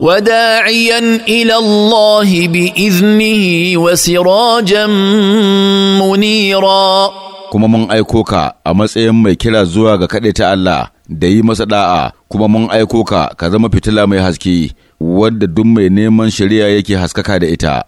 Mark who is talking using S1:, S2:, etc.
S1: وداعيا الى الله باذنه وسراجا منيرا
S2: kuma mun aiko ka a matsayin mai kira zuwa ga kaɗai ta Allah da yi masa ɗa'a kuma mun aiko ka ka zama fitila mai haske wadda duk mai neman shari'a yake haskaka da ita